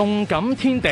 動感天地，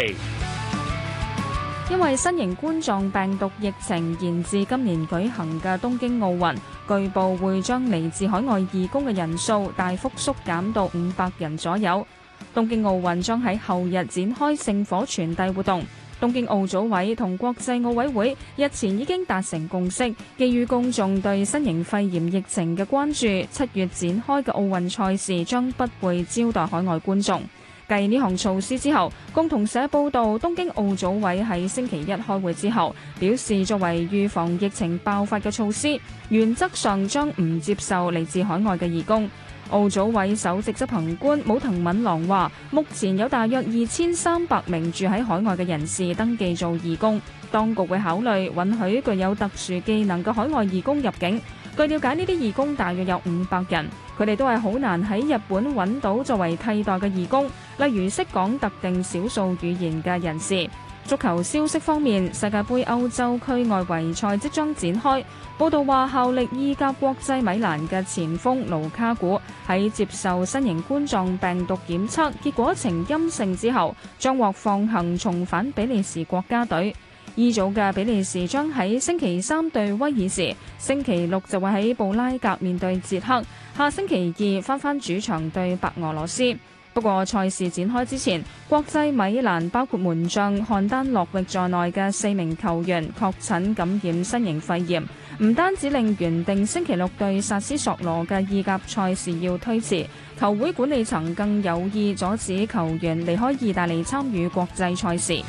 因為新型冠狀病毒疫情延至今年舉行嘅東京奧運，據報會將嚟自海外義工嘅人數大幅縮減到五百人左右。東京奧運將喺後日展開聖火傳遞活動。東京奧組委同國際奧委會日前已經達成共識，基於公眾對新型肺炎疫情嘅關注，七月展開嘅奧運賽事將不會招待海外觀眾。繼呢項措施之後，共同社報道，東京奧組委喺星期一開會之後表示，作為預防疫情爆發嘅措施，原則上將唔接受嚟自海外嘅義工。奧組委首席執行官武藤敏郎話，目前有大約二千三百名住喺海外嘅人士登記做義工，當局會考慮允許具有特殊技能嘅海外義工入境。據了解，呢啲義工大約有五百人，佢哋都係好難喺日本揾到作為替代嘅義工，例如識講特定少數語言嘅人士。足球消息方面，世界盃歐洲區外圍賽即將展開，報道話效力意甲國際米蘭嘅前鋒盧卡古喺接受新型冠狀病毒檢測結果呈陰性之後，將獲放行重返比利時國家隊。E 組嘅比利時將喺星期三對威爾士,星期六就會喺布拉格面對捷克,下星期二返返主場對白俄羅斯。不過,賽事展開之前,國際米蘭包括門將漢丹洛域在內嘅四名球員,確診感染新型肺炎。唔單止令原定星期六對薩斯索羅嘅意甲賽事要推遲,球會管理層更有意阻止球員離開意大利參與國際賽事。